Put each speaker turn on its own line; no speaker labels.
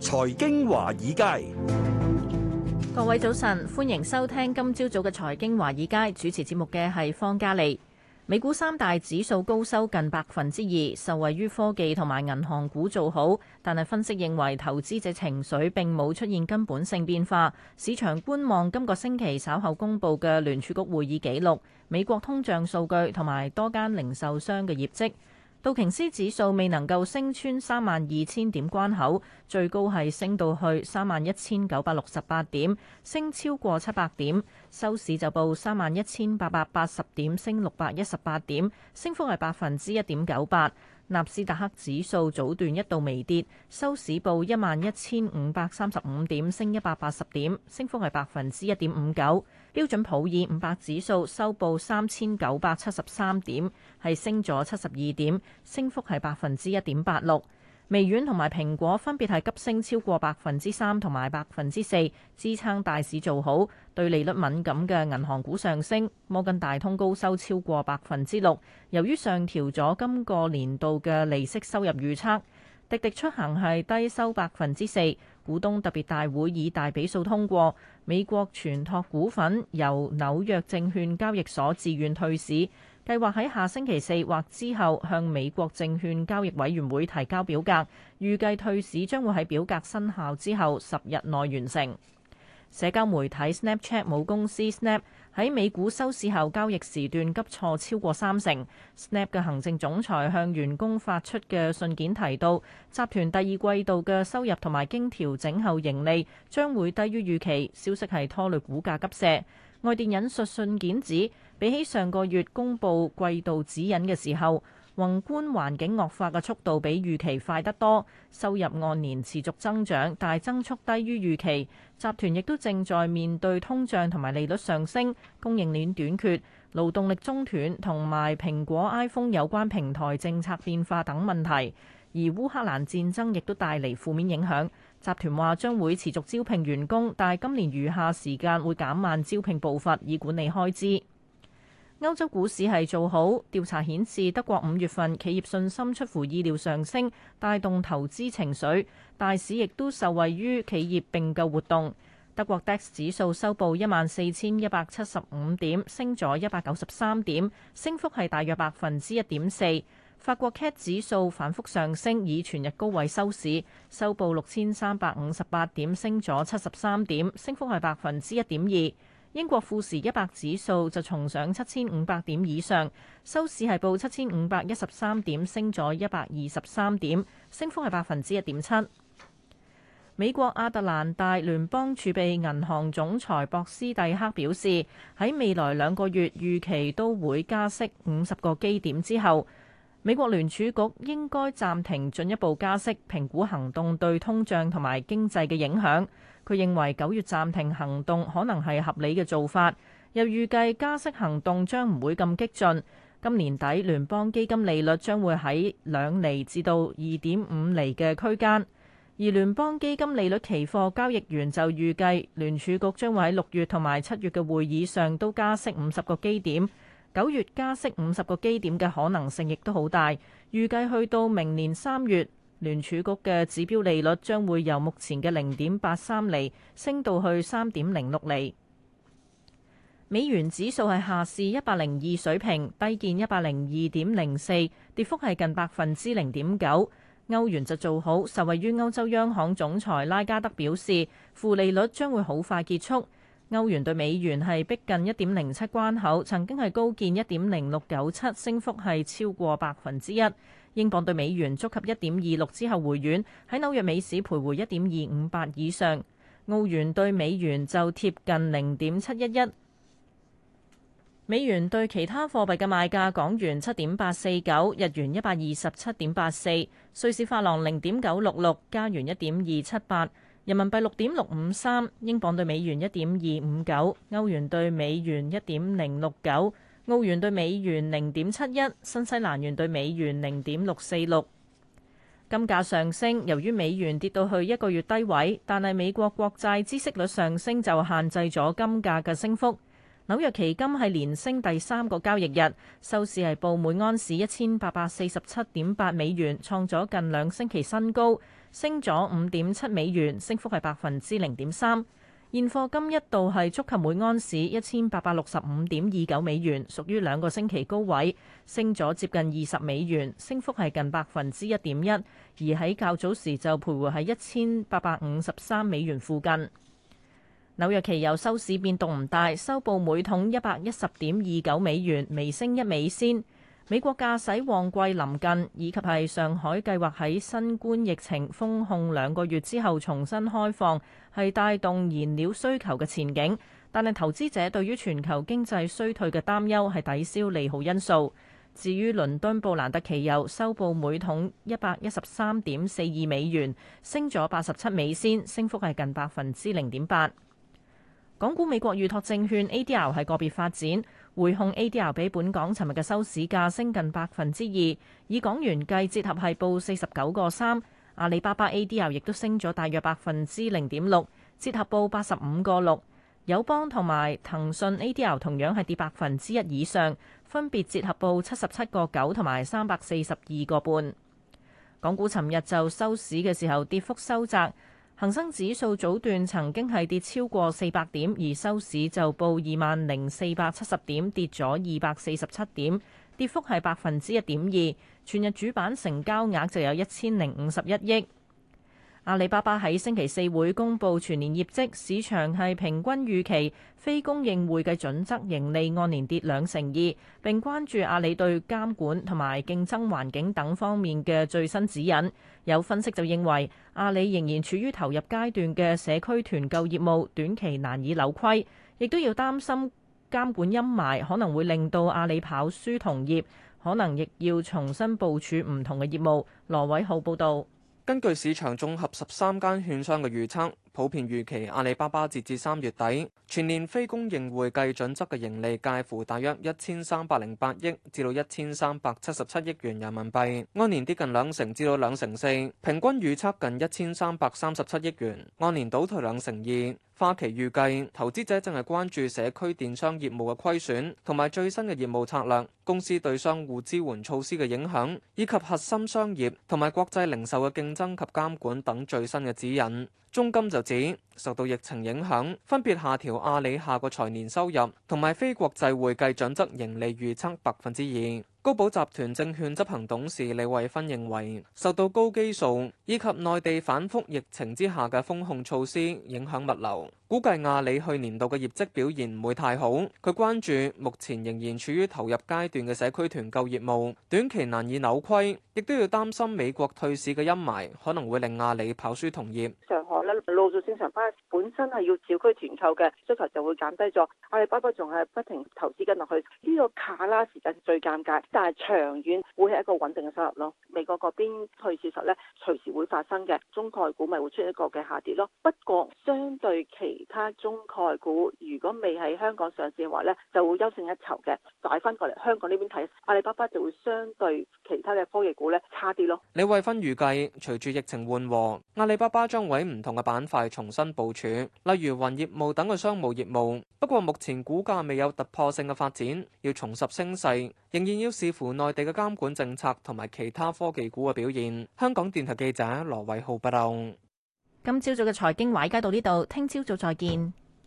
財經華爾街，
各位早晨，歡迎收聽今朝早嘅財經華爾街。主持節目嘅係方嘉利。美股三大指數高收近百分之二，受惠於科技同埋銀行股造好，但係分析認為投資者情緒並冇出現根本性變化。市場觀望今個星期稍後公布嘅聯儲局會議記錄、美國通脹數據同埋多間零售商嘅業績。道瓊斯指數未能夠升穿三萬二千點關口，最高係升到去三萬一千九百六十八點，升超過七百點，收市就報三萬一千八百八十點，升六百一十八點，升幅係百分之一點九八。納斯達克指數早段一度微跌，收市報一萬一千五百三十五點，升一百八十點，升幅係百分之一點五九。標準普爾五百指數收報三千九百七十三點，係升咗七十二點，升幅係百分之一點八六。微軟同埋蘋果分別係急升超過百分之三同埋百分之四，支撐大市做好。對利率敏感嘅銀行股上升，摩根大通高收超過百分之六。由於上調咗今個年度嘅利息收入預測，滴滴出行係低收百分之四。股東特別大會以大比數通過。美國存託股份由紐約證券交易所自願退市。計劃喺下星期四或之後向美國證券交易委員會提交表格，預計退市將會喺表格生效之後十日內完成。社交媒體 Snapchat 母公司 Snap 喺美股收市後交易時段急挫超過三成。Snap 嘅行政總裁向員工發出嘅信件提到，集團第二季度嘅收入同埋經調整後盈利將會低於預期，消息係拖累股價急瀉。外電引述信件指，比起上個月公布季度指引嘅時候，宏觀環境惡化嘅速度比預期快得多。收入按年持續增長，但增速低於預期。集團亦都正在面對通脹同埋利率上升、供應鏈短缺、勞動力中斷同埋蘋果 iPhone 有關平台政策變化等問題。而烏克蘭戰爭亦都帶嚟負面影響。集團話將會持續招聘員工，但係今年餘下時間會減慢招聘步伐，以管理開支。歐洲股市係做好，調查顯示德國五月份企業信心出乎意料上升，帶動投資情緒。大市亦都受惠於企業並購活動。德國 DAX 指數收報一萬四千一百七十五點，升咗一百九十三點，升幅係大約百分之一點四。法國 CAC 指數反覆上升，以全日高位收市，收報六千三百五十八點，升咗七十三點，升幅係百分之一點二。英國富時一百指數就重上七千五百點以上，收市係報七千五百一十三點，升咗一百二十三點，升幅係百分之一點七。美國亞特蘭大聯邦儲備銀行總裁博斯蒂克表示，喺未來兩個月預期都會加息五十個基點之後。美國聯儲局應該暫停進一步加息，評估行動對通脹同埋經濟嘅影響。佢認為九月暫停行動可能係合理嘅做法，又預計加息行動將唔會咁激進。今年底聯邦基金利率將會喺兩厘至到二點五厘嘅區間，而聯邦基金利率期貨交易員就預計聯儲局將會喺六月同埋七月嘅會議上都加息五十個基點。九月加息五十個基點嘅可能性亦都好大，預計去到明年三月，聯儲局嘅指標利率將會由目前嘅零點八三厘升到去三點零六厘。美元指數係下試一百零二水平，低見一百零二點零四，跌幅係近百分之零點九。歐元就做好，受惠於歐洲央行總裁拉加德表示，負利率將會好快結束。歐元對美元係逼近一點零七關口，曾經係高見一點零六九七，升幅係超過百分之一。英鎊對美元觸及一點二六之後回軟，喺紐約美市徘徊一點二五八以上。澳元對美元就貼近零點七一一。美元對其他貨幣嘅賣價，港元七點八四九，日元一百二十七點八四，瑞士法郎零點九六六，加元一點二七八。人民幣六點六五三，英鎊對美元一點二五九，歐元對美元一點零六九，澳元對美元零點七一，新西蘭元對美元零點六四六。金價上升，由於美元跌到去一個月低位，但係美國國債孳息率上升就限制咗金價嘅升幅。紐約期金係連升第三個交易日，收市係報每安士一千八百四十七點八美元，創咗近兩星期新高，升咗五點七美元，升幅係百分之零點三。現貨金一度係觸及每安士一千八百六十五點二九美元，屬於兩個星期高位，升咗接近二十美元，升幅係近百分之一點一。而喺較早時就徘徊喺一千八百五十三美元附近。紐約期油收市變動唔大，收報每桶一百一十點二九美元，微升一美仙。美國駕駛旺季臨近，以及係上海計劃喺新冠疫情封控兩個月之後重新開放，係帶動燃料需求嘅前景。但係投資者對於全球經濟衰退嘅擔憂，係抵消利好因素。至於倫敦布蘭德期油收報每桶一百一十三點四二美元，升咗八十七美仙，升幅係近百分之零點八。港股美國預託證券 ADR 係個別發展，匯控 ADR 比本港尋日嘅收市價升近百分之二，以港元計折合係報四十九個三。阿里巴巴 ADR 亦都升咗大約百分之零點六，折合報八十五個六。友邦同埋騰訊 ADR 同樣係跌百分之一以上，分別折合報七十七個九同埋三百四十二個半。港股尋日就收市嘅時候，跌幅收窄。恒生指數早段曾經係跌超過四百點，而收市就報二萬零四百七十點，跌咗二百四十七點，跌幅係百分之一點二。全日主板成交額就有一千零五十一億。阿里巴巴喺星期四會公布全年業績，市場係平均預期非公認會計準則盈利按年跌兩成二。並關注阿里對監管同埋競爭環境等方面嘅最新指引。有分析就認為，阿里仍然處於投入階段嘅社區團購業務短期難以扭虧，亦都要擔心監管陰霾可能會令到阿里跑輸同業，可能亦要重新部署唔
同嘅業務，羅偉浩報道。根據市場綜合十三間券商嘅預測，普遍預期阿里巴巴截至三月底全年非公認會計準則嘅盈利介乎大約一千三百零八億至到一千三百七十七億元人民幣，按年跌近兩成至到兩成四，平均預測近一千三百三十七億元，按年倒退兩成二。花旗預計投資者正係關注社區電商業務嘅虧損，同埋最新嘅業務策略、公司對商戶支援措施嘅影響，以及核心商業同埋國際零售嘅競爭及監管等最新嘅指引。中金就指受到疫情影響，分別下調阿里下個財年收入同埋非國際會計準則盈利預測百分之二。高寶集團證券執行董事李慧芬認為，受到高基數以及內地反覆疫情之下嘅封控措施影響物流。估計阿里去年度嘅業績表現唔會太好，佢關注目前仍然處於投入階段嘅社區團購業務，短期難以扭虧，亦都要擔心美國退市嘅陰霾可能會令阿里跑輸同業。上海呢陸續
正常翻，本身係要小區團購嘅需求就會減低咗，阿里巴巴仲係不停投資緊落去呢、這個卡啦時間最尷尬，但係長遠會係一個穩定嘅收入咯。美國嗰邊退市實呢，咧，隨時會發生嘅，中概股咪會出一個嘅下跌咯。不過相對其。其他中概股如果未喺香港上市嘅話呢就會優勝一籌嘅。帶翻過嚟香港呢邊睇，阿里巴巴就會相對其他嘅科技股呢差啲
咯。李慧芬預計隨住疫情緩和，阿里巴巴將會喺唔同嘅板塊重新部署，例如雲業務等嘅商務業務。不過目前股價未有突破性嘅發展，要重拾升勢，仍然要視乎內地嘅監管政策同埋其他科技股嘅表現。香港電台記者羅偉浩報道。
今朝早嘅財經華爾街到呢度，聽朝早再見。